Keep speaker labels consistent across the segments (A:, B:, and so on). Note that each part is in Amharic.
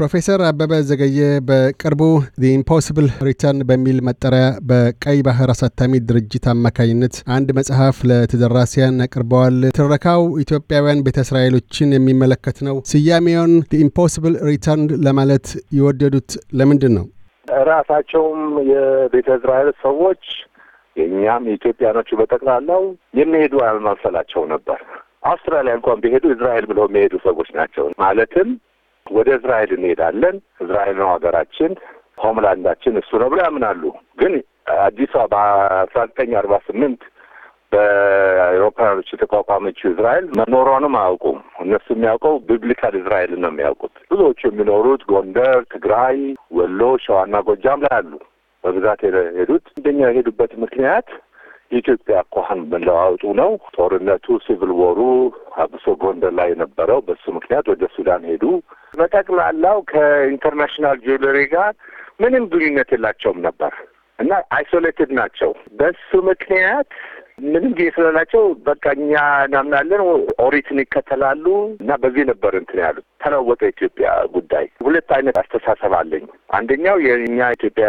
A: ፕሮፌሰር አበበ ዘገየ በቅርቡ ኢምፖስብል ሪተርን በሚል መጠሪያ በቀይ ባህር አሳታሚ ድርጅት አማካኝነት አንድ መጽሐፍ ለተደራሲያን አቅርበዋል። ትረካው ኢትዮጵያውያን ቤተ እስራኤሎችን የሚመለከት ነው። ስያሜውን ኢምፖስብል ሪተርን ለማለት የወደዱት ለምንድን ነው?
B: ራሳቸውም የቤተ እስራኤል ሰዎች የእኛም የኢትዮጵያኖቹ በጠቅላላው የሚሄዱ አልመሰላቸው ነበር። አውስትራሊያ እንኳን ቢሄዱ እስራኤል ብለው የሚሄዱ ሰዎች ናቸው ማለትም ወደ እስራኤል እንሄዳለን፣ እስራኤል ነው ሀገራችን፣ ሆምላንዳችን እሱ ነው ብሎ ያምናሉ። ግን አዲሷ በአስራ ዘጠኝ አርባ ስምንት በአውሮፓውያኖች የተቋቋመችው እስራኤል መኖሯንም አያውቁም። እነሱ የሚያውቀው ቢብሊካል እስራኤል ነው የሚያውቁት። ብዙዎቹ የሚኖሩት ጎንደር፣ ትግራይ፣ ወሎ፣ ሸዋና ጎጃም ላይ አሉ። በብዛት የሄዱት እንደኛ የሄዱበት ምክንያት የኢትዮጵያ አኳኋን መለዋወጡ ነው። ጦርነቱ ሲቪል ወሩ አብሶ ጎንደር ላይ የነበረው በሱ ምክንያት ወደ ሱዳን ሄዱ። በጠቅላላው ከኢንተርናሽናል ጁዌለሪ ጋር ምንም ግንኙነት የላቸውም ነበር እና አይሶሌትድ ናቸው። በሱ ምክንያት ምንም ጊዜ ስለላቸው በቃ እኛ እናምናለን ኦሪትን ይከተላሉ እና በዚህ ነበር እንትን ያሉት። ተለወጠ ኢትዮጵያ ጉዳይ። ሁለት አይነት አስተሳሰብ አለኝ። አንደኛው የእኛ ኢትዮጵያ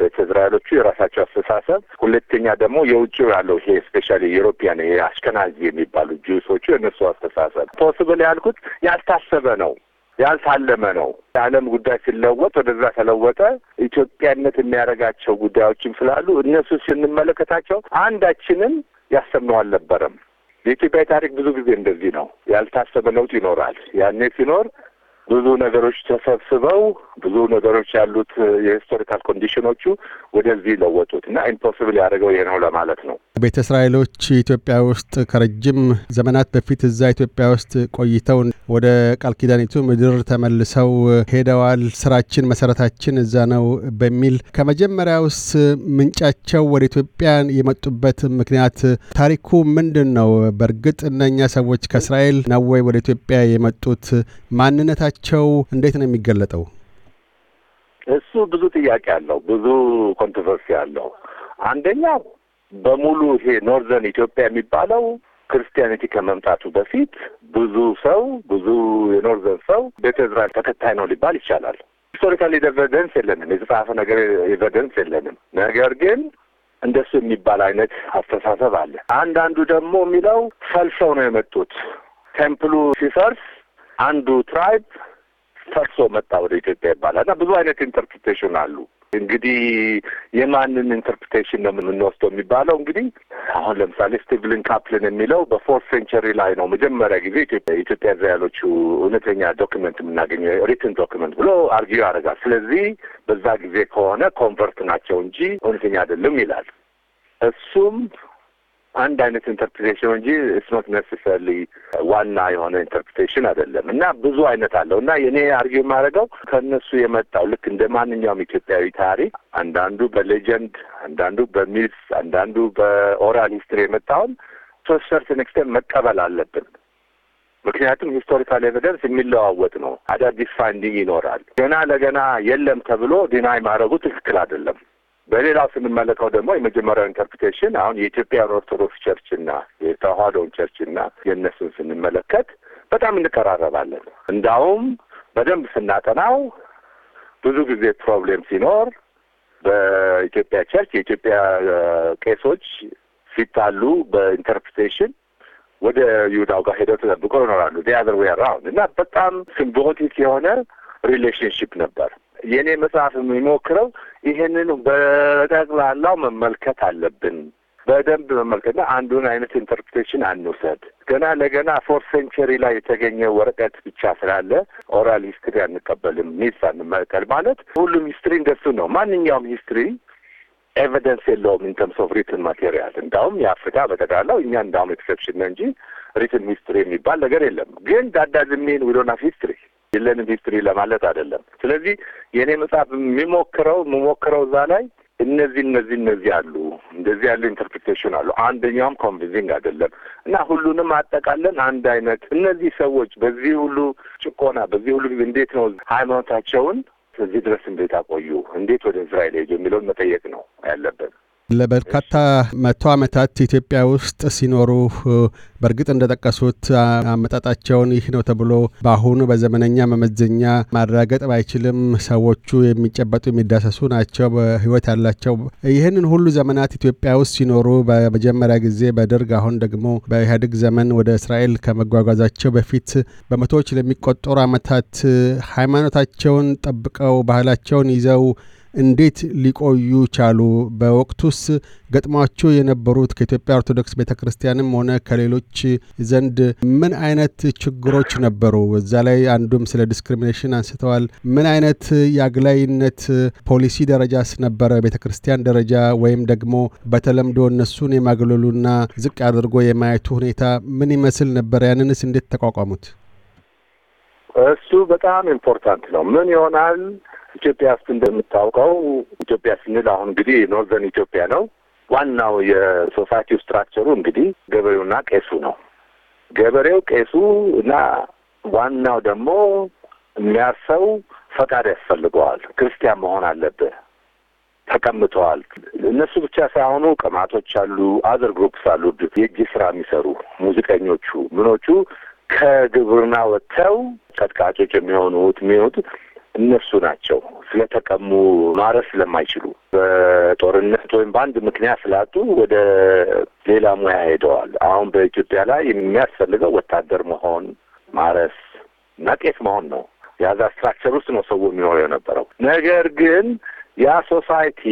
B: ቤተ እስራኤሎቹ የራሳቸው አስተሳሰብ፣ ሁለተኛ ደግሞ የውጭው ያለው ይሄ ስፔሻሊ ዩሮፒያን ይሄ አሽከናዚ የሚባሉ ጁሶቹ የእነሱ አስተሳሰብ ፖስብል ያልኩት ያልታሰበ ነው። ያልታለመ ነው። የዓለም ጉዳይ ሲለወጥ ወደዛ ተለወጠ። ኢትዮጵያነት የሚያደርጋቸው ጉዳዮችም ስላሉ እነሱ ስንመለከታቸው አንዳችንም ያሰብነው አልነበረም። የኢትዮጵያ ታሪክ ብዙ ጊዜ እንደዚህ ነው። ያልታሰበ ለውጥ ይኖራል። ያኔ ሲኖር ብዙ ነገሮች ተሰብስበው ብዙ ነገሮች ያሉት የሂስቶሪካል ኮንዲሽኖቹ ወደዚህ ለወጡት እና ኢምፖስብል ያደረገው ይሄ ነው ለማለት ነው።
A: ቤተ እስራኤሎች ኢትዮጵያ ውስጥ ከረጅም ዘመናት በፊት እዛ ኢትዮጵያ ውስጥ ቆይተው ወደ ቃል ኪዳኒቱ ምድር ተመልሰው ሄደዋል። ስራችን መሰረታችን እዛ ነው በሚል ከመጀመሪያውስ ምንጫቸው ወደ ኢትዮጵያ የመጡበት ምክንያት ታሪኩ ምንድን ነው? በእርግጥ እነኛ ሰዎች ከእስራኤል ነው ወይ ወደ ኢትዮጵያ የመጡት? ማንነታቸው እንዴት ነው የሚገለጠው?
B: እሱ ብዙ ጥያቄ አለው፣ ብዙ ኮንትሮቨርሲ አለው። አንደኛው በሙሉ ይሄ ኖርዘርን ኢትዮጵያ የሚባለው ክርስቲያኒቲ ከመምጣቱ በፊት ብዙ ሰው ብዙ የኖርዘርን ሰው ቤተ እዝራኤል ተከታይ ነው ሊባል ይቻላል። ሂስቶሪካል ኤቨደንስ የለንም፣ የተጻፈ ነገር ኤቨደንስ የለንም። ነገር ግን እንደሱ የሚባል አይነት አስተሳሰብ አለ። አንዳንዱ ደግሞ የሚለው ፈልሰው ነው የመጡት። ቴምፕሉ ሲፈርስ አንዱ ትራይብ ፈርሶ መጣ ወደ ኢትዮጵያ ይባላል እና ብዙ አይነት ኢንተርፕሪቴሽን አሉ። እንግዲህ የማንን ኢንተርፕሬቴሽን ነው የምንወስደው የሚባለው እንግዲህ አሁን ለምሳሌ ስቲቭልን ካፕልን የሚለው በፎርት ሴንቸሪ ላይ ነው መጀመሪያ ጊዜ ኢትዮጵያ እስራኤሎቹ እውነተኛ ዶክመንት የምናገኘው ሪትን ዶክመንት ብሎ አርጊ ያደርጋል። ስለዚህ በዛ ጊዜ ከሆነ ኮንቨርት ናቸው እንጂ እውነተኛ አይደለም ይላል። እሱም አንድ አይነት ኢንተርፕሬሽን እንጂ እስኖት ነስሰርሊ ዋና የሆነ ኢንተርፕሬቴሽን አይደለም እና ብዙ አይነት አለው እና የኔ አርጊ የማደርገው ከእነሱ የመጣው ልክ እንደ ማንኛውም ኢትዮጵያዊ ታሪክ አንዳንዱ በሌጀንድ፣ አንዳንዱ በሚስ፣ አንዳንዱ በኦራል ሂስትሪ የመጣውን ሶስት ሰርትን መቀበል አለብን። ምክንያቱም ሂስቶሪካል ኤቪደንስ የሚለዋወጥ ነው። አዳዲስ ፋይንዲንግ ይኖራል። ገና ለገና የለም ተብሎ ዲናይ ማድረጉ ትክክል አይደለም። በሌላ ስንመለከው ደግሞ የመጀመሪያው ኢንተርፕሬቴሽን አሁን የኢትዮጵያ ኦርቶዶክስ ቸርችና የተዋህዶውን ቸርችና የእነሱን ስንመለከት በጣም እንቀራረባለን። እንዳውም በደንብ ስናጠናው ብዙ ጊዜ ፕሮብሌም ሲኖር በኢትዮጵያ ቸርች የኢትዮጵያ ቄሶች ሲታሉ በኢንተርፕሬቴሽን ወደ ይሁዳው ጋር ሄደው ተጠብቀው ይኖራሉ። ዚያዘር ዌይ አራውንድ እና በጣም ሲምቦቲክ የሆነ ሪሌሽንሽፕ ነበር። የእኔ መጽሐፍ የሚሞክረው ይህንን በጠቅላላው መመልከት አለብን በደንብ መመልከትና አንዱን አይነት ኢንተርፕሬቴሽን አንውሰድ። ገና ለገና ፎርት ሴንቸሪ ላይ የተገኘ ወረቀት ብቻ ስላለ ኦራል ሂስትሪ አንቀበልም፣ ሚስ አንመልከል ማለት ሁሉም ሂስትሪ እንደሱ ነው። ማንኛውም ሂስትሪ ኤቪደንስ የለውም ኢንተርምስ ኦፍ ሪትን ማቴሪያል። እንዳውም የአፍሪካ በጠቅላላው እኛ እንዳውም ኤክሰፕሽን ነው እንጂ ሪትን ሂስትሪ የሚባል ነገር የለም። ግን ዳዳዝሜን ዊ ሂስትሪ የለንም ሂስትሪ ለማለት አይደለም። ስለዚህ የእኔ መጽሐፍ የሚሞክረው የምሞክረው እዛ ላይ እነዚህ እነዚህ እነዚህ አሉ እንደዚህ ያሉ ኢንተርፕሬቴሽን አሉ። አንደኛውም ኮንቪንዚንግ አይደለም እና ሁሉንም አጠቃለን አንድ አይነት እነዚህ ሰዎች በዚህ ሁሉ ጭቆና፣ በዚህ ሁሉ ጊዜ እንዴት ነው ሃይማኖታቸውን እዚህ ድረስ እንዴት አቆዩ፣ እንዴት ወደ እስራኤል ሄዱ የሚለውን መጠየቅ ነው ያለብን።
A: ለበርካታ መቶ ዓመታት ኢትዮጵያ ውስጥ ሲኖሩ በእርግጥ እንደጠቀሱት አመጣጣቸውን ይህ ነው ተብሎ በአሁኑ በዘመነኛ መመዘኛ ማረጋገጥ ባይችልም ሰዎቹ የሚጨበጡ የሚዳሰሱ ናቸው፣ በህይወት ያላቸው። ይህንን ሁሉ ዘመናት ኢትዮጵያ ውስጥ ሲኖሩ በመጀመሪያ ጊዜ በደርግ አሁን ደግሞ በኢህአዴግ ዘመን ወደ እስራኤል ከመጓጓዛቸው በፊት በመቶዎች ለሚቆጠሩ ዓመታት ሃይማኖታቸውን ጠብቀው ባህላቸውን ይዘው እንዴት ሊቆዩ ቻሉ? በወቅቱስ ገጥሟቸው የነበሩት ከኢትዮጵያ ኦርቶዶክስ ቤተ ክርስቲያንም ሆነ ከሌሎች ዘንድ ምን አይነት ችግሮች ነበሩ? እዛ ላይ አንዱም ስለ ዲስክሪሚኔሽን አንስተዋል። ምን አይነት የአግላይነት ፖሊሲ ደረጃስ ነበረ? ቤተ ክርስቲያን ደረጃ ወይም ደግሞ በተለምዶ እነሱን የማግለሉና ዝቅ አድርጎ የማየቱ ሁኔታ ምን ይመስል ነበር? ያንንስ እንዴት ተቋቋሙት?
B: እሱ በጣም ኢምፖርታንት ነው። ምን ይሆናል ኢትዮጵያ ውስጥ እንደምታውቀው ኢትዮጵያ ስንል አሁን እንግዲህ ኖርዘርን ኢትዮጵያ ነው። ዋናው የሶሳይቲው ስትራክቸሩ እንግዲህ ገበሬውና ቄሱ ነው። ገበሬው ቄሱ እና ዋናው ደግሞ የሚያርሰው ፈቃድ ያስፈልገዋል። ክርስቲያን መሆን አለብህ። ተቀምጠዋል። እነሱ ብቻ ሳይሆኑ ቅማቶች አሉ፣ አዘር ግሩፕስ አሉ፣ የእጅ ስራ የሚሰሩ ሙዚቀኞቹ፣ ምኖቹ ከግብርና ወጥተው ቀጥቃጮች የሚሆኑት የሚሆኑት እነሱ ናቸው ስለተቀሙ ማረስ ስለማይችሉ በጦርነት ወይም በአንድ ምክንያት ስላጡ ወደ ሌላ ሙያ ሄደዋል። አሁን በኢትዮጵያ ላይ የሚያስፈልገው ወታደር መሆን ማረስ እና ቄስ መሆን ነው። የዛ ስትራክቸር ውስጥ ነው ሰው የሚኖረው የነበረው። ነገር ግን ያ ሶሳይቲ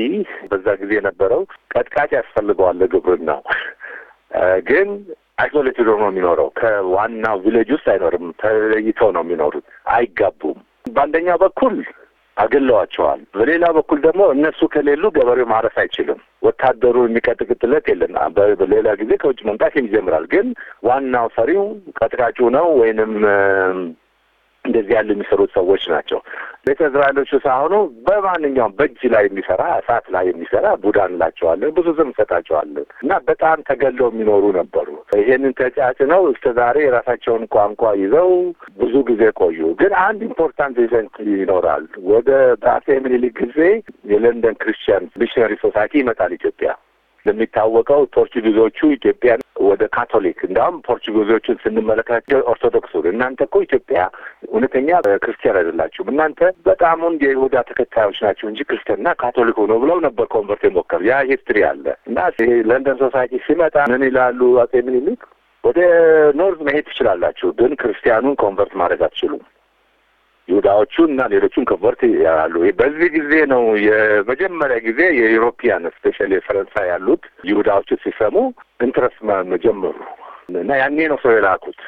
B: በዛ ጊዜ የነበረው ቀጥቃጭ ያስፈልገዋል ለግብርናው ግን አይሶሌትድ ነው የሚኖረው። ከዋናው ቪሌጅ ውስጥ አይኖርም። ተለይተው ነው የሚኖሩት። አይጋቡም። በአንደኛ በኩል አገለዋቸዋል። በሌላ በኩል ደግሞ እነሱ ከሌሉ ገበሬው ማረስ አይችልም። ወታደሩ የሚቀጥቅጥለት የለም። በሌላ ጊዜ ከውጭ መምጣት ይጀምራል። ግን ዋናው ሰሪው ቀጥቃጩ ነው ወይንም እንደዚህ ያሉ የሚሰሩት ሰዎች ናቸው። ቤተ እስራኤሎቹ ሳይሆኑ በማንኛውም በእጅ ላይ የሚሰራ እሳት ላይ የሚሰራ ቡዳ እንላቸዋለን። ብዙ ስም እንሰጣቸዋለን እና በጣም ተገለው የሚኖሩ ነበሩ። ይሄንን ተጫጭ ነው እስከ ዛሬ የራሳቸውን ቋንቋ ይዘው ብዙ ጊዜ ቆዩ። ግን አንድ ኢምፖርታንት ኢቨንት ይኖራል። ወደ በአፄ ምኒልክ ጊዜ የለንደን ክርስቲያን ሚሽነሪ ሶሳይቲ ይመጣል ኢትዮጵያ እንደሚታወቀው ፖርቹጊዞቹ ኢትዮጵያን ወደ ካቶሊክ እንዲሁም ፖርቹጊዞቹን ስንመለከታቸው ኦርቶዶክስ ወደ እናንተ እኮ ኢትዮጵያ እውነተኛ ክርስቲያን አይደላችሁም እናንተ በጣም ሁን የይሁዳ ተከታዮች ናቸው እንጂ ክርስቲያንና ካቶሊክ ሆኖ ብለው ነበር ኮንቨርት የሞከር ያ ሂስትሪ አለ እና ለንደን ሶሳይቲ ሲመጣ ምን ይላሉ አጼ ምኒልክ ወደ ኖርዝ መሄድ ትችላላችሁ፣ ግን ክርስቲያኑን ኮንቨርት ማድረግ አትችሉም። ይሁዳዎቹ እና ሌሎቹም ከቦርት ያሉ በዚህ ጊዜ ነው የመጀመሪያ ጊዜ የዩሮፒያን ስፔሻል የፈረንሳይ ያሉት ይሁዳዎቹ ሲሰሙ ኢንትረስት መጀመሩ እና ያኔ ነው ሰው የላኩት።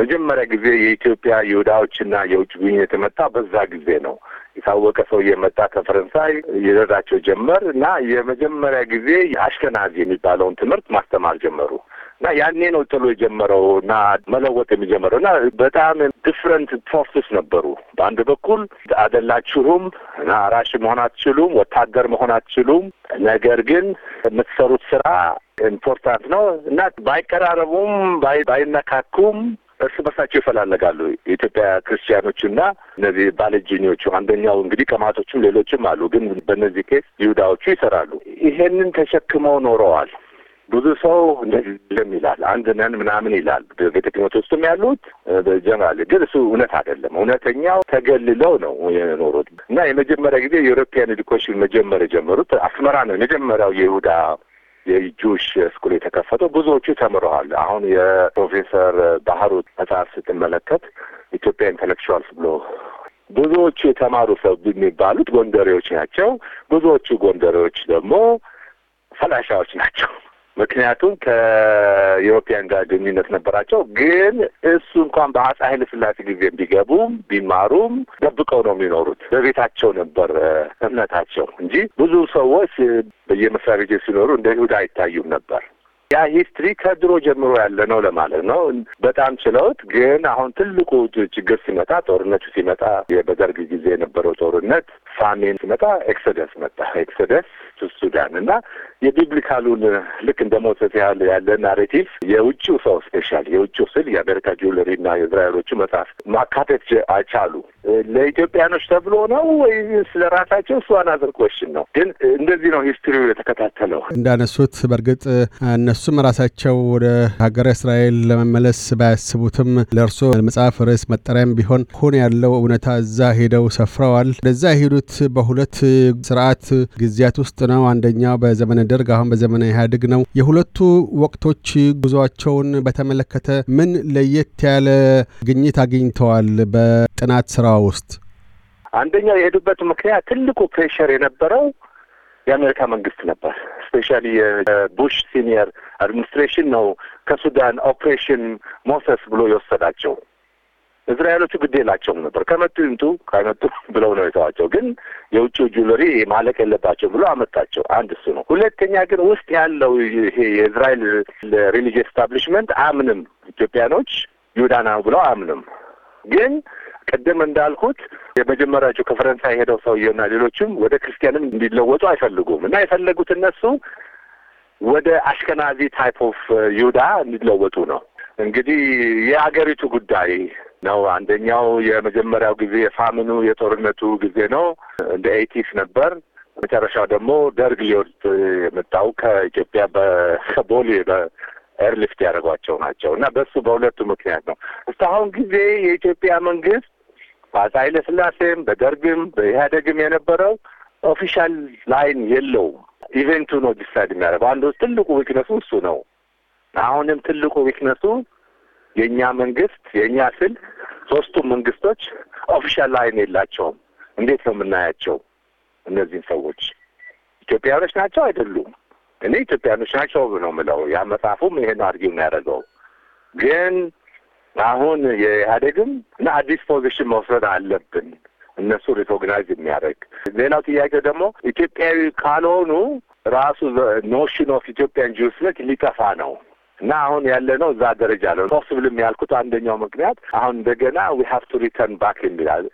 B: መጀመሪያ ጊዜ የኢትዮጵያ ይሁዳዎችና የውጭ ጉብኝት የመጣ በዛ ጊዜ ነው። የታወቀ ሰው እየመጣ ከፈረንሳይ ይረዳቸው ጀመር እና የመጀመሪያ ጊዜ አሽከናዚ የሚባለውን ትምህርት ማስተማር ጀመሩ። እና ያኔ ነው ጥሎ የጀመረው እና መለወጥ የሚጀመረው እና በጣም ዲፍረንት ፎርስስ ነበሩ። በአንድ በኩል አደላችሁም እና ራሽ መሆን አትችሉም፣ ወታደር መሆን አትችሉም፣ ነገር ግን የምትሰሩት ስራ ኢምፖርታንት ነው እና ባይቀራረቡም ባይነካኩም እርስ በርሳቸው ይፈላለጋሉ። የኢትዮጵያ ክርስቲያኖቹና እነዚህ ባለጅኞቹ አንደኛው እንግዲህ ቀማቶቹም ሌሎችም አሉ። ግን በእነዚህ ኬስ ይሁዳዎቹ ይሰራሉ። ይሄንን ተሸክመው ኖረዋል። ብዙ ሰው እንደለም ይላል፣ አንድ ነን ምናምን ይላል። ቤተ ክህነት ውስጥም ያሉት በጀነራል ግን እሱ እውነት አይደለም። እውነተኛው ተገልለው ነው የኖሩት እና የመጀመሪያ ጊዜ የዩሮፒያን ኤዱኬሽን መጀመር የጀመሩት አስመራ ነው። የመጀመሪያው የይሁዳ የጁሽ ስኩል የተከፈተው ብዙዎቹ ተምረዋል። አሁን የፕሮፌሰር ባህሩ መጽሐፍ ስትመለከት ኢትዮጵያ ኢንተሌክቹዋልስ ብሎ ብዙዎቹ የተማሩ ሰው የሚባሉት ጎንደሬዎች ናቸው። ብዙዎቹ ጎንደሬዎች ደግሞ ፈላሻዎች ናቸው። ምክንያቱም ከኢሮፒያን ጋር ግንኙነት ነበራቸው። ግን እሱ እንኳን በአፄ ኃይለ ሥላሴ ጊዜ ቢገቡም ቢማሩም ደብቀው ነው የሚኖሩት። በቤታቸው ነበር እምነታቸው እንጂ ብዙ ሰዎች በየመስሪያ ቤቶች ሲኖሩ እንደ ይሁዳ አይታዩም ነበር። ያ ሂስትሪ ከድሮ ጀምሮ ያለ ነው ለማለት ነው። በጣም ችለውት። ግን አሁን ትልቁ ችግር ሲመጣ ጦርነቱ ሲመጣ በደርግ ጊዜ የነበረው ጦርነት፣ ሳሜን ሲመጣ ኤክሶደስ መጣ። ኤክሶደስ ቱ ሱዳን እና የቢብሊካሉን ልክ እንደ ሞሰስ ያህል ያለ ናሬቲቭ የውጭው ሰው ስፔሻል የውጭው ስል የአሜሪካ ጁለሪ እና የእስራኤሎቹ መጽሐፍ ማካተት አቻሉ። ለኢትዮጵያኖች ተብሎ ነው ወይ
A: ስለ ራሳቸው እሱ አናዘር ኮሽን ነው። ግን እንደዚህ ነው ሂስትሪው የተከታተለው። እንዳነሱት በእርግጥ እነሱም ራሳቸው ወደ ሀገረ እስራኤል ለመመለስ ባያስቡትም ለእርሶ መጽሐፍ ርዕስ መጠሪያም ቢሆን ሁን ያለው እውነታ እዛ ሄደው ሰፍረዋል። ወደዛ የሄዱት በሁለት ስርዓት ጊዜያት ውስጥ ነው። አንደኛው በዘመነ ደርግ አሁን በዘመናዊ ኢህአዴግ ነው። የሁለቱ ወቅቶች ጉዞአቸውን በተመለከተ ምን ለየት ያለ ግኝት አግኝተዋል በጥናት ስራ ውስጥ?
B: አንደኛው የሄዱበት ምክንያት ትልቁ ፕሬሸር የነበረው የአሜሪካ መንግስት ነበር። ስፔሻሊ የቡሽ ሲኒየር አድሚኒስትሬሽን ነው ከሱዳን ኦፕሬሽን ሞሰስ ብሎ የወሰዳቸው እስራኤሎቹ ግድ የላቸውም ነበር። ከመጡ ይምጡ ከመጡ ብለው ነው የተዋቸው። ግን የውጭ ጁለሪ ማለቅ የለባቸው ብሎ አመጣቸው። አንድ እሱ ነው። ሁለተኛ ግን ውስጥ ያለው ይሄ የእስራኤል ሪሊጅ ኤስታብሊሽመንት አምንም ኢትዮጵያኖች ይሁዳና ብለው አምንም ግን ቅድም እንዳልኩት የመጀመሪያዎቹ ከፈረንሳይ ሄደው ሰውየውና ሌሎችም ወደ ክርስቲያንም እንዲለወጡ አይፈልጉም እና የፈለጉት እነሱ ወደ አሽከናዚ ታይፕ ኦፍ uh, ይሁዳ እንዲለወጡ ነው። እንግዲህ የአገሪቱ ጉዳይ ነው። አንደኛው የመጀመሪያው ጊዜ የፋምኑ የጦርነቱ ጊዜ ነው፣ እንደ ኤቲስ ነበር። መጨረሻው ደግሞ ደርግ ሊወድ የመጣው ከኢትዮጵያ ከቦሌ በኤርሊፍት ያደረጓቸው ናቸው እና በሱ በሁለቱ ምክንያት ነው። እስካሁን ጊዜ የኢትዮጵያ መንግስት በአፄ ኃይለ ስላሴም በደርግም በኢህአደግም የነበረው ኦፊሻል ላይን የለውም። ኢቨንቱ ነው ዲሳይድ የሚያደርገው። አንዱ ትልቁ ዊክነሱ እሱ ነው። አሁንም ትልቁ ዊክነሱ የእኛ መንግስት የእኛ ስልክ ሶስቱ መንግስቶች ኦፊሻል አይን የላቸውም። እንዴት ነው የምናያቸው እነዚህን ሰዎች? ኢትዮጵያኖች ናቸው አይደሉም? እኔ ኢትዮጵያኖች ናቸው ነው ምለው። ያ መጽሐፉም ይሄን አድርጊው ነው ግን አሁን የኢህአዴግም እና አዲስ ፖዚሽን መውሰድ አለብን እነሱ ሪኮግናይዝ የሚያደርግ ሌላው ጥያቄ ደግሞ ኢትዮጵያዊ ካልሆኑ ራሱ ኖሽን ኦፍ ኢትዮጵያን ጁስ ሊጠፋ ነው። እና አሁን ያለ ነው እዛ ደረጃ ነው ፖስብልም ያልኩት አንደኛው ምክንያት አሁን እንደገና ዊ ሀቭ ቱ ሪተርን ባክ የሚላል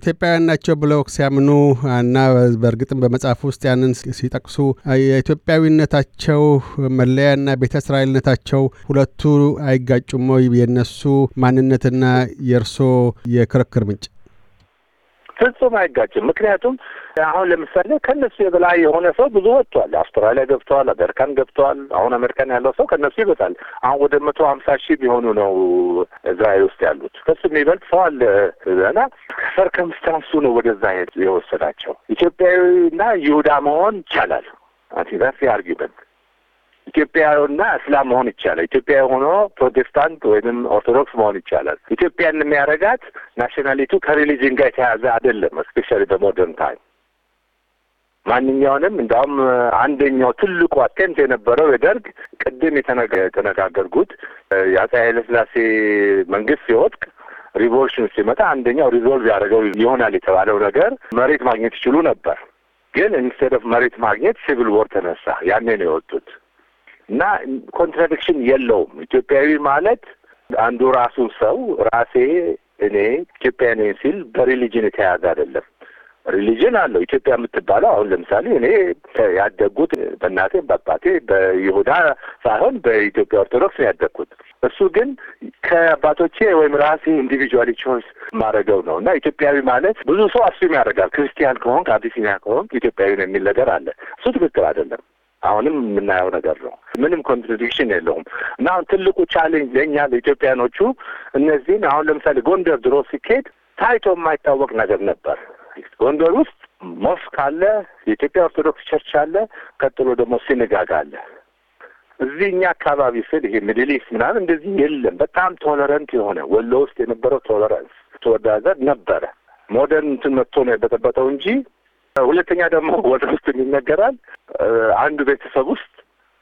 A: ኢትዮጵያውያን ናቸው ብለው ሲያምኑ እና በእርግጥም በመጽሐፍ ውስጥ ያንን ሲጠቅሱ የኢትዮጵያዊነታቸው መለያና ቤተ እስራኤልነታቸው ሁለቱ አይጋጩም ወይ? የእነሱ ማንነትና የእርሶ የክርክር ምንጭ
B: ፍጹም አይጋጭም። ምክንያቱም አሁን ለምሳሌ ከእነሱ የበላይ የሆነ ሰው ብዙ ወጥቷል። አውስትራሊያ ገብተዋል፣ አሜሪካን ገብተዋል። አሁን አሜሪካን ያለው ሰው ከእነሱ ይበጣል። አሁን ወደ መቶ ሀምሳ ሺህ ቢሆኑ ነው እስራኤል ውስጥ ያሉት። ከሱ የሚበልጥ ሰው አለ እና ሰርከምስታንሱ ነው ወደዛ የወሰዳቸው። ኢትዮጵያዊና ይሁዳ መሆን ይቻላል። አንቲ አቲዛስ አርጊመንት ኢትዮጵያና እስላም መሆን ይቻላል። ኢትዮጵያ ሆኖ ፕሮቴስታንት ወይም ኦርቶዶክስ መሆን ይቻላል። ኢትዮጵያን የሚያደርጋት ናሽናሊቱ ከሪሊጅን ጋር የተያዘ አይደለም። እስፔሻሊ በሞደርን ታይም ማንኛውንም እንዲሁም አንደኛው ትልቁ አቴምት የነበረው የደርግ ቅድም የተነጋገርኩት የአፄ ኃይለስላሴ መንግስት ሲወጥቅ ሪቮሉሽን ሲመጣ አንደኛው ሪዞልቭ ያደረገው ይሆናል የተባለው ነገር መሬት ማግኘት ይችሉ ነበር። ግን ኢንስቴድ ኦፍ መሬት ማግኘት ሲቪል ወር ተነሳ። ያኔ ነው የወጡት። እና ኮንትራዲክሽን የለውም። ኢትዮጵያዊ ማለት አንዱ ራሱ ሰው ራሴ እኔ ኢትዮጵያ ነኝ ሲል በሪሊጅን የተያዘ አይደለም። ሪሊጅን አለው። ኢትዮጵያ የምትባለው አሁን ለምሳሌ እኔ ያደግኩት በእናቴ በአባቴ በይሁዳ ሳይሆን በኢትዮጵያ ኦርቶዶክስ ነው ያደግኩት። እሱ ግን ከአባቶቼ ወይም ራሴ ኢንዲቪጁዋሊ ቾይስ ማድረገው ነው እና ኢትዮጵያዊ ማለት ብዙ ሰው አሱም ያደርጋል። ክርስቲያን ከሆን አቢሲኒያ ከሆን ኢትዮጵያዊ ነው የሚል ነገር አለ። እሱ ትክክል አይደለም። አሁንም የምናየው ነገር ነው። ምንም ኮንትራዲክሽን የለውም እና አሁን ትልቁ ቻሌንጅ ለእኛ ለኢትዮጵያኖቹ እነዚህን አሁን ለምሳሌ ጎንደር ድሮ ሲካሄድ ታይቶ የማይታወቅ ነገር ነበር። ጎንደር ውስጥ ሞስክ አለ፣ የኢትዮጵያ ኦርቶዶክስ ቸርች አለ፣ ቀጥሎ ደግሞ ሲንጋጋ አለ። እዚህ እኛ አካባቢ ስል ይሄ ሚድል ኢስት ምናምን እንደዚህ የለም። በጣም ቶለረንት የሆነ ወሎ ውስጥ የነበረው ቶለረንስ ተወዳዘር ነበረ ሞደርን እንትን መጥቶ ነው የበጠበጠው እንጂ ሁለተኛ ደግሞ ወደ ውስጥ ይነገራል። አንዱ ቤተሰብ ውስጥ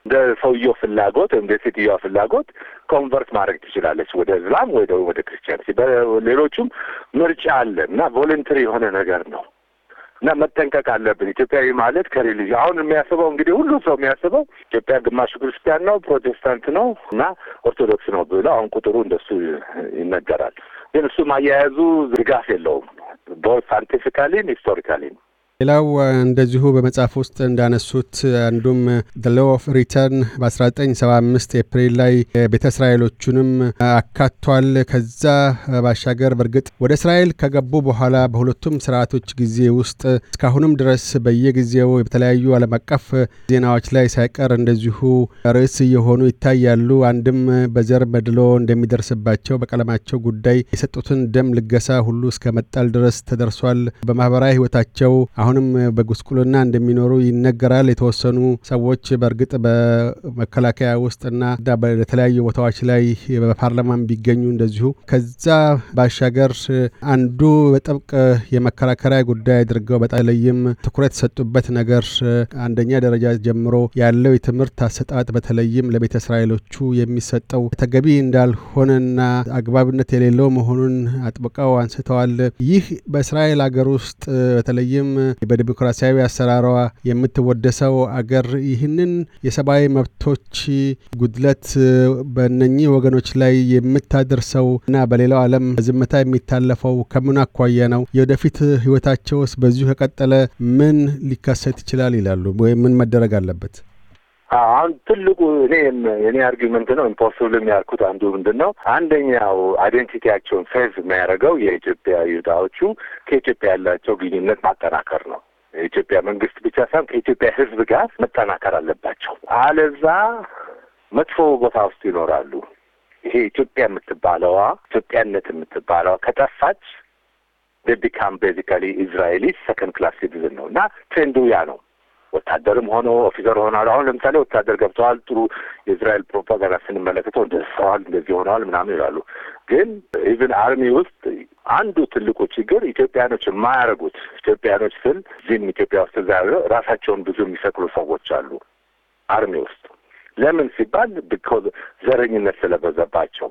B: እንደ ሰውየው ፍላጎት ወይም እንደ ሴትዮዋ ፍላጎት ኮንቨርት ማድረግ ትችላለች ወደ እስላም ወይ ወደ ክርስቲያን። በሌሎቹም ምርጫ አለ እና ቮለንተሪ የሆነ ነገር ነው እና መጠንቀቅ አለብን። ኢትዮጵያዊ ማለት ከሪሊጅን አሁን የሚያስበው እንግዲህ ሁሉ ሰው የሚያስበው ኢትዮጵያ ግማሹ ክርስቲያን ነው፣ ፕሮቴስታንት ነው እና ኦርቶዶክስ ነው ብሎ አሁን ቁጥሩ እንደሱ ይነገራል። ግን እሱም አያያዙ ድጋፍ የለውም ቦት ሳይንቲፊካሊም ሂስቶሪካሊም
A: ሌላው እንደዚሁ በመጽሐፍ ውስጥ እንዳነሱት አንዱም ዘ ሎ ኦፍ ሪተርን በ1975 ኤፕሪል ላይ ቤተ እስራኤሎቹንም አካቷል። ከዛ ባሻገር በእርግጥ ወደ እስራኤል ከገቡ በኋላ በሁለቱም ስርዓቶች ጊዜ ውስጥ እስካሁንም ድረስ በየጊዜው በተለያዩ ዓለም አቀፍ ዜናዎች ላይ ሳይቀር እንደዚሁ ርዕስ እየሆኑ ይታያሉ። አንድም በዘር መድሎ እንደሚደርስባቸው በቀለማቸው ጉዳይ የሰጡትን ደም ልገሳ ሁሉ እስከ መጣል ድረስ ተደርሷል። በማህበራዊ ህይወታቸው አሁን አሁንም በጉስቁልና እንደሚኖሩ ይነገራል። የተወሰኑ ሰዎች በእርግጥ በመከላከያ ውስጥና በተለያዩ ቦታዎች ላይ በፓርላማም ቢገኙ እንደዚሁ። ከዛ ባሻገር አንዱ በጥብቅ የመከራከሪያ ጉዳይ አድርገው በተለይም ትኩረት የሰጡበት ነገር አንደኛ ደረጃ ጀምሮ ያለው የትምህርት አሰጣጥ በተለይም ለቤተ እስራኤሎቹ የሚሰጠው ተገቢ እንዳልሆነና አግባብነት የሌለው መሆኑን አጥብቀው አንስተዋል። ይህ በእስራኤል ሀገር ውስጥ በተለይም በዲሞክራሲያዊ አሰራሯ የምትወደሰው አገር ይህንን የሰብአዊ መብቶች ጉድለት በነኚህ ወገኖች ላይ የምታደርሰው እና በሌላው ዓለም ዝምታ የሚታለፈው ከምን አኳያ ነው? የወደፊት ህይወታቸውስ በዚሁ ከቀጠለ ምን ሊከሰት ይችላል ይላሉ ወይም ምን መደረግ አለበት?
B: አሁን ትልቁ እኔ የኔ አርጊመንት ነው ኢምፖስብልም የሚያርኩት አንዱ ምንድን ነው አንደኛው አይዴንቲቲያቸውን ፌዝ የሚያደርገው የኢትዮጵያ ይሁዳዎቹ ከኢትዮጵያ ያላቸው ግንኙነት ማጠናከር ነው። የኢትዮጵያ መንግስት ብቻ ሳይሆን ከኢትዮጵያ ሕዝብ ጋር መጠናከር አለባቸው። አለዛ መጥፎ ቦታ ውስጥ ይኖራሉ። ይሄ ኢትዮጵያ የምትባለዋ ኢትዮጵያነት የምትባለዋ ከጠፋች ቢካም ቤዚካሊ ኢዝራኤሊ ሰከንድ ክላስ ሲቲዝን ነው እና ትሬንዱ ያ ነው። ወታደርም ሆኖ ኦፊሰር ሆኗል። አሁን ለምሳሌ ወታደር ገብተዋል። ጥሩ የእስራኤል ፕሮፓጋንዳ ስንመለከተው ደስተዋል፣ እንደዚህ ሆነዋል ምናምን ይላሉ። ግን ኢቭን አርሚ ውስጥ አንዱ ትልቁ ችግር ኢትዮጵያኖች የማያደርጉት ኢትዮጵያኖች ስል እዚህም ኢትዮጵያ ውስጥ እዛ ራሳቸውን ብዙ የሚሰቅሉ ሰዎች አሉ አርሚ ውስጥ ለምን ሲባል ቢኮዝ ዘረኝነት ስለበዘባቸው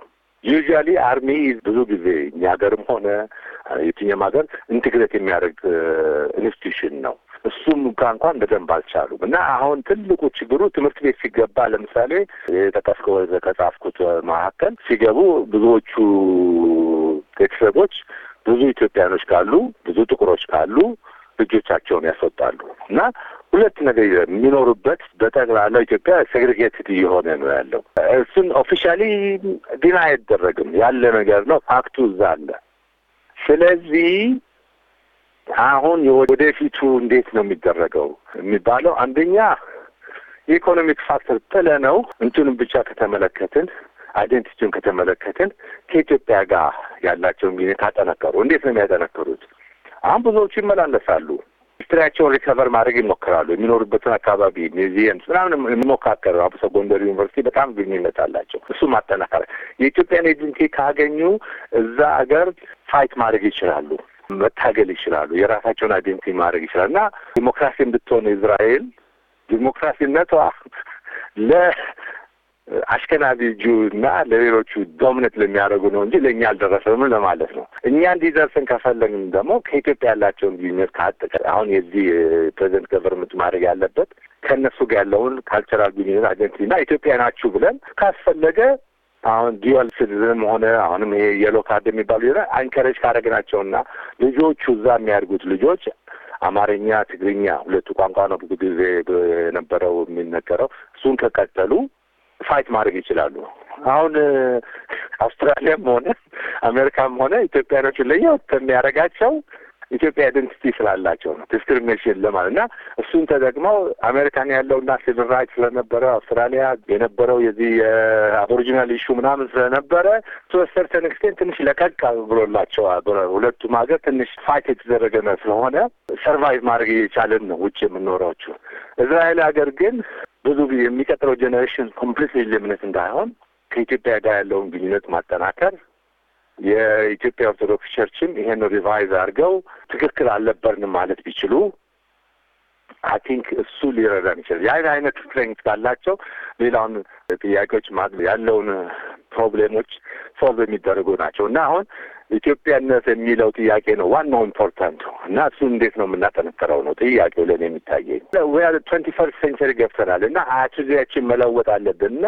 B: ዩዥዋሊ አርሚ ብዙ ጊዜ እኛ ሀገርም ሆነ የትኛም ሀገር ኢንትግሬት የሚያደርግ ኢንስቲቱሽን uh, ነው። እሱም እንኳን በደንብ አልቻሉም እና አሁን ትልቁ ችግሩ ትምህርት ቤት ሲገባ ለምሳሌ የጠቀስከው ከጻፍኩት መካከል ሲገቡ ብዙዎቹ ቤተሰቦች ብዙ ኢትዮጵያኖች ካሉ ብዙ ጥቁሮች ካሉ ልጆቻቸውን ያስወጣሉ እና ሁለት ነገር የሚኖሩበት በጠቅላላ ኢትዮጵያ ሴግሪጌትድ እየሆነ ነው ያለው። እሱን ኦፊሻሊ ዲና አይደረግም ያለ ነገር ነው። ፋክቱ እዛ አለ። ስለዚህ አሁን ወደፊቱ እንዴት ነው የሚደረገው የሚባለው አንደኛ የኢኮኖሚክ ፋክተር ጥለ ነው እንትኑን ብቻ ከተመለከትን አይደንቲቲውን ከተመለከትን ከኢትዮጵያ ጋር ያላቸውን ጊዜ አጠነከሩ። እንዴት ነው የሚያጠነከሩት? አሁን ብዙዎቹ ይመላለሳሉ። ሂስትሪያቸውን ሪከቨር ማድረግ ይሞክራሉ። የሚኖሩበትን አካባቢ ሚዚየም ምናምን የሚሞካከር ነው። አብሶ ጎንደር ዩኒቨርሲቲ በጣም ግንኙነት አላቸው። እሱ ማጠናከር የኢትዮጵያን ኤጀንሲ ካገኙ እዛ አገር ፋይት ማድረግ ይችላሉ። መታገል ይችላሉ። የራሳቸውን አይዴንቲ ማድረግ ይችላል እና ዲሞክራሲ እንድትሆን እስራኤል ዲሞክራሲነቷ ለአሽከናዚ እጁ እና ለሌሎቹ ዶሚኔት ለሚያደርጉ ነው እንጂ ለእኛ አልደረሰም ለማለት ነው። እኛ እንዲደርስን ከፈለግን ደግሞ ከኢትዮጵያ ያላቸውን ግንኙነት ከአጠቀ አሁን የዚህ ፕሬዚደንት ገቨርንመንት ማድረግ ያለበት ከእነሱ ጋር ያለውን ካልቸራል ግንኙነት አይደንቲቲ እና ኢትዮጵያ ናችሁ ብለን ካስፈለገ አሁን ዲዋል ሲቲዝንም ሆነ አሁንም ይሄ የሎ ካርድ የሚባሉ ሆነ አንከረጅ ካደረግናቸውና ልጆቹ እዛ የሚያድጉት ልጆች አማርኛ፣ ትግርኛ ሁለቱ ቋንቋ ነው ብዙ ጊዜ የነበረው የሚነገረው። እሱን ከቀጠሉ ፋይት ማድረግ ይችላሉ። አሁን አውስትራሊያም ሆነ አሜሪካም ሆነ ኢትዮጵያኖች ለየት የሚያደርጋቸው ኢትዮጵያ አይደንቲቲ ስላላቸው ነው ዲስክሪሚኔሽን ለማለት እና እሱን ተጠቅመው አሜሪካን ያለውና ሲቪል ራይት ስለነበረ አውስትራሊያ የነበረው የዚህ የአቦሪጂናል ኢሹ ምናምን ስለነበረ ሰርተን ኤክስቴንት ትንሽ ለቀቅ ብሎላቸዋል። ሁለቱም ሀገር ትንሽ ፋይት የተደረገ ስለሆነ ሰርቫይቭ ማድረግ እየቻለን ነው ውጭ የምንኖራችሁ። እስራኤል ሀገር ግን ብዙ የሚቀጥለው ጀኔሬሽን ኮምፕሊት ሊምነት እንዳይሆን ከኢትዮጵያ ጋር ያለውን ግንኙነት ማጠናከር የኢትዮጵያ ኦርቶዶክስ ቸርችም ይሄን ሪቫይዝ አድርገው ትክክል አልነበርንም ማለት ቢችሉ አይ ቲንክ እሱ ሊረዳን ይችላል። ያን አይነት ስትሬንግት ካላቸው ሌላውን ጥያቄዎች ያለውን ፕሮብሌሞች ሶልቭ የሚደረጉ ናቸው እና አሁን ኢትዮጵያነት የሚለው ጥያቄ ነው ዋናው ኢምፖርታንቱ እና እሱ እንዴት ነው የምናጠነጠረው ነው ጥያቄው ለእኔ የሚታየኝ። ወያ ትዌንቲ ፈርስት ሴንቸሪ ገብተናል እና አያችዜያችን መለወጥ አለብን እና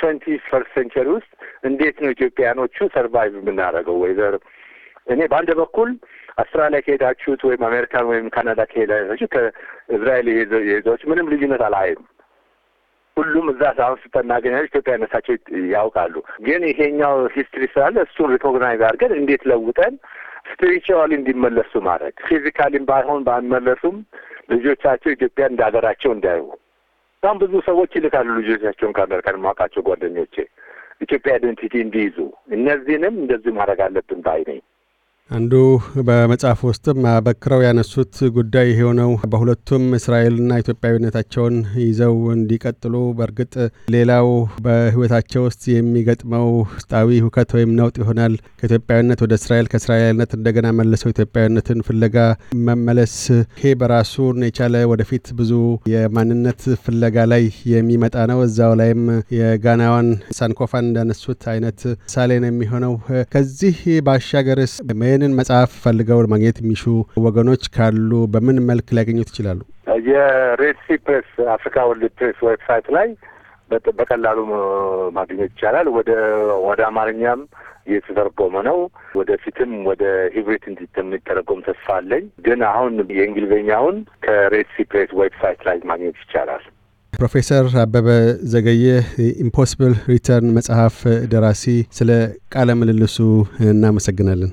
B: ትዌንቲ ፈርስት ሴንቸሪ ውስጥ እንዴት ነው ኢትዮጵያኖቹ ሰርቫይቭ የምናደርገው ወይዘር እኔ በአንድ በኩል አውስትራሊያ ከሄዳችሁት ወይም አሜሪካን ወይም ካናዳ ከሄዳችሁ ከእስራኤል የሄዳችሁ ምንም ልዩነት አላይም። ሁሉም እዛ አሁን ኢትዮጵያ ነሳቸው ያውቃሉ። ግን ይሄኛው ሂስትሪ ስላለ እሱን ሪኮግናይዝ አድርገን እንዴት ለውጠን ስፒሪቹዋል እንዲመለሱ ማድረግ ፊዚካሊም ባይሆን ባንመለሱም ልጆቻቸው ኢትዮጵያ እንደ ሀገራቸው እንዳይሁ በጣም ብዙ ሰዎች ይልካሉ ልጆቻቸውን ከአሜሪካን የማውቃቸው ጓደኞቼ ኢትዮጵያ አይደንቲቲ እንዲይዙ እነዚህንም እንደዚህ ማድረግ አለብን ባይ ነኝ።
A: አንዱ በመጽሐፍ ውስጥም አበክረው ያነሱት ጉዳይ ይሄው ነው። በሁለቱም እስራኤልና ኢትዮጵያዊነታቸውን ይዘው እንዲቀጥሉ። በእርግጥ ሌላው በሕይወታቸው ውስጥ የሚገጥመው ውስጣዊ ሁከት ወይም ነውጥ ይሆናል። ከኢትዮጵያዊነት ወደ እስራኤል፣ ከእስራኤልነት እንደገና መልሰው ኢትዮጵያዊነትን ፍለጋ መመለስ። ይሄ በራሱን የቻለ ወደፊት ብዙ የማንነት ፍለጋ ላይ የሚመጣ ነው። እዛው ላይም የጋናዋን ሳንኮፋን እንዳነሱት አይነት ሳሌ ነው የሚሆነው። ከዚህ ባሻገርስ ይህንን መጽሐፍ ፈልገው ማግኘት የሚሹ ወገኖች ካሉ በምን መልክ ሊያገኙት ይችላሉ?
B: የሬድ ሲ ፕሬስ አፍሪካ ወርልድ ፕሬስ ዌብሳይት ላይ በቀላሉ ማግኘት ይቻላል። ወደ ወደ አማርኛም እየተተረጎመ ነው። ወደፊትም ወደ ሂብሪት እንደሚተረጎም ተስፋ አለኝ። ግን አሁን የእንግሊዝኛውን
A: ከሬድ ሲ ፕሬስ ዌብሳይት ላይ ማግኘት ይቻላል። ፕሮፌሰር አበበ ዘገየ ኢምፖስብል ሪተርን መጽሐፍ ደራሲ፣ ስለ ቃለ ምልልሱ እናመሰግናለን።